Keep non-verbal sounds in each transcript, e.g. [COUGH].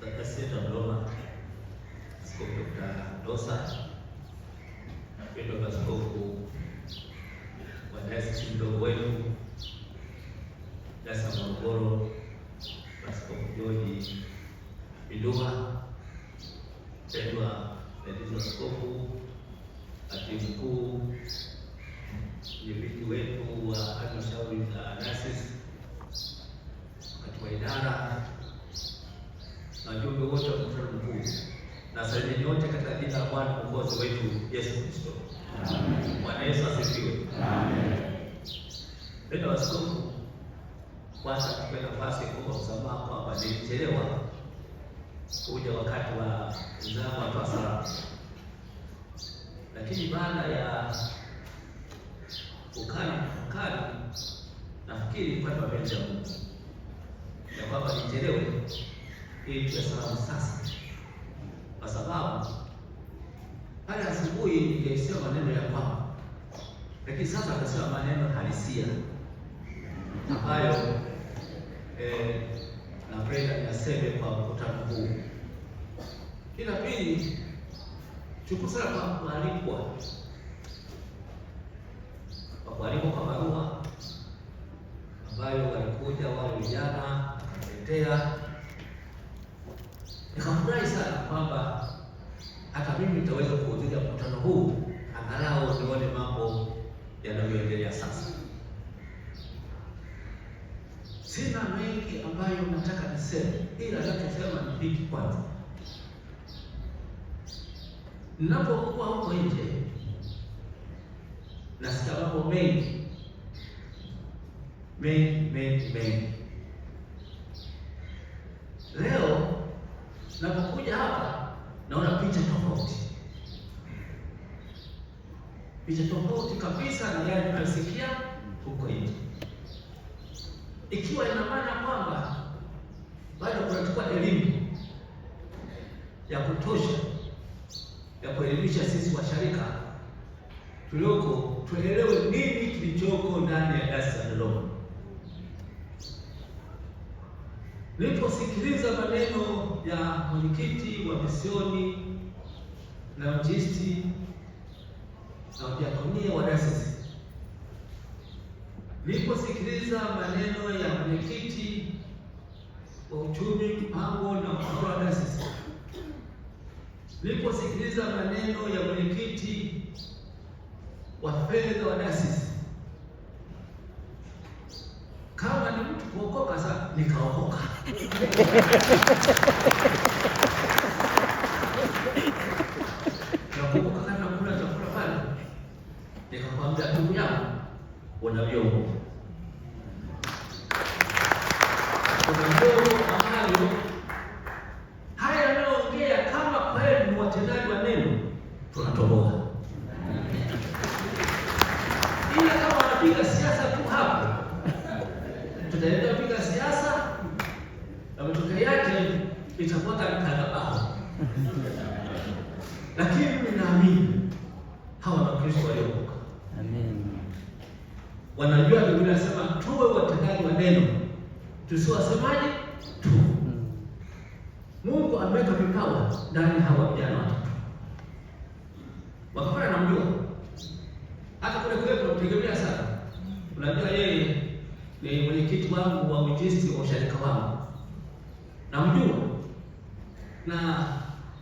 Katekesi yetu ya Dodoma, Askofu Dosa na askofu wa dayosisi mdogo wenu dayosisi Morogoro, Askofu George Bidua, mpendwa msaidizi askofu, katibu mkuu, mwenyekiti wetu wa halmashauri za dayosisi, wa idara na saidi yote katika jina la Bwana mkombozi wetu Yesu Kristo. Bwana Yesu asifiwe. Bila waskofu, kwanza tupe nafasi kwa msamaha kwamba nilichelewa kuja wakati wa zamu wa sala, lakini baada ya ukana kukali nafikiri kwa wa ya Mungu na kwamba nichelewe ili tuwe salama sasa kwa sababu pale asubuhi ningesema maneno ya kwamba, lakini sasa atasema maneno halisia ambayo eh, napenda naseme kwa mkutano huu. Kila pili tukusana kwa kualikwa, kwa kualikwa kwa barua ambayo walikuja wale vijana wakaletea, nikafurahi sana kwamba mimi nitaweza kuhudhuria mkutano huu angalau nione mambo yanayoendelea sasa. Sina mengi ambayo nataka niseme, ila nachosema ni hiki kwanza. Ninapokuwa huko nje nasikia mambo mengi mengi mengi mengi leo na naona picha tofauti, picha tofauti kabisa na yale tunayosikia huko nje, ikiwa ina maana kwamba bado kunachukua elimu ya kutosha ya kuelimisha sisi washarika tulioko tuelewe nini kilichoko ndani ya dasi ya Dodoma. Niliposikiliza maneno ya mwenyekiti wa misioni na mjisti na mdiakonia wa dayosisi, niliposikiliza maneno ya mwenyekiti wa uchumi mpango na utawala wa dayosisi, niliposikiliza maneno ya mwenyekiti wa fedha wa dayosisi ni mtu kuokoka, sasa nikaokoka. Nakumbuka kana kula chakula pale, nikamwambia ndugu yangu, una vyombo kuna vyombo ambayo haya yanayoongea kama kweli ni watendaji wa neno, tunatoboa ila kama wanapiga siasa mtajenda kupiga siasa na matokeo yake itafuata mtandao. [LAUGHS] Lakini mimi naamini hawa na Kristo waliokoka, amen, wanajua Biblia inasema tuwe watekaji wa neno, tusiwasemaji tu. Hmm. Mungu ameweka vipawa ndani hawa vijana watatu, wakafanya namjua, hata kule kule tunamtegemea sana, unajua yeye mwenyekiti wangu wa Uinjilisti wa usharika wangu, namjua na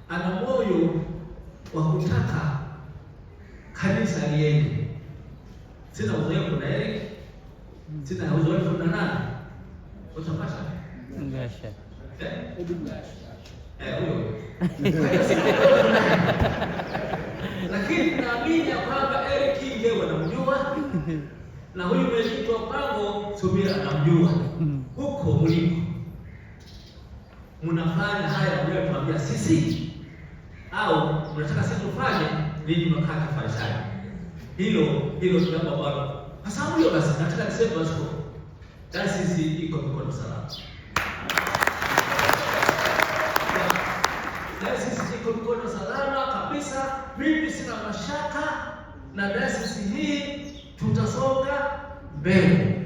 ana moyo wa kutaka kanisa liende. Sina uzoefu na Eric, sina uzoefu na nani, utapata ngasha eh, eh, [LAUGHS] lakini naamini kwamba Eric yeye wanamjua [LAUGHS] na huyu mwenyekiti Pango Subira anamjua mm. huko mliko, mnafanya haya mnayotuambia sisi au mnataka sisi tufanye, nini? mnakaa kifarisayo. Hilo hilo jambo ambalo kwa sababu hiyo basi nataka niseme basi yaani taasisi iko mikono salama, taasisi yaani iko mikono salama kabisa. Mimi sina mashaka na taasisi hii tutasonga mbele,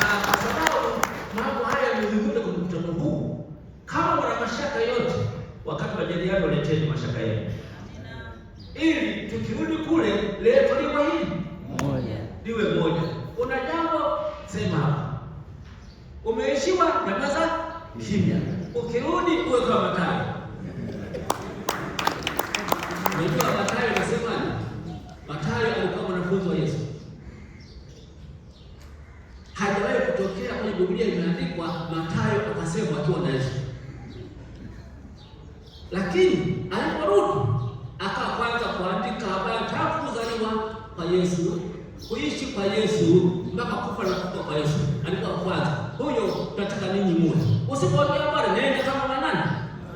na kwa sababu mambo haya ni kwenye kwa mtoto huu. Kama kuna mashaka yote, wakati wa jadiliano, leteni mashaka yenu, ili tukirudi kule leto liwe hili moja, liwe moja. Kuna jambo sema hapa, umeishiwa nyamaza kimya, ukirudi uwe kama tayari Mathayo akasema akiwa na Yesu, lakini aliporudi akawa kwanza kuandika habari tangu kuzaliwa kwa Yesu, kuishi kwa Yesu mpaka kufa na kufa kwa Yesu. Alikuwa kwanza huyo, tunataka ninyi muwe. Usipoongea habari, nenda kama na nani,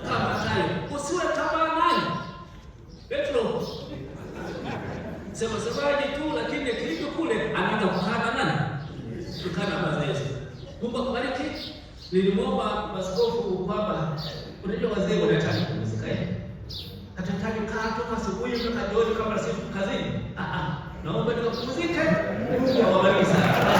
kama Mathayo, usiwe kama nani Petro sema semaji tu, lakini kilicho kule anaanza kukana nani, kukana kwa Yesu kumbe Nilimwomba maskofu kwamba unajua wazee wanataka kupumzika eh, hatutaki kaa toka asubuhi mpaka jioni kama si kazini. Ah ah, naomba nikapumzike. Mungu awabariki sana.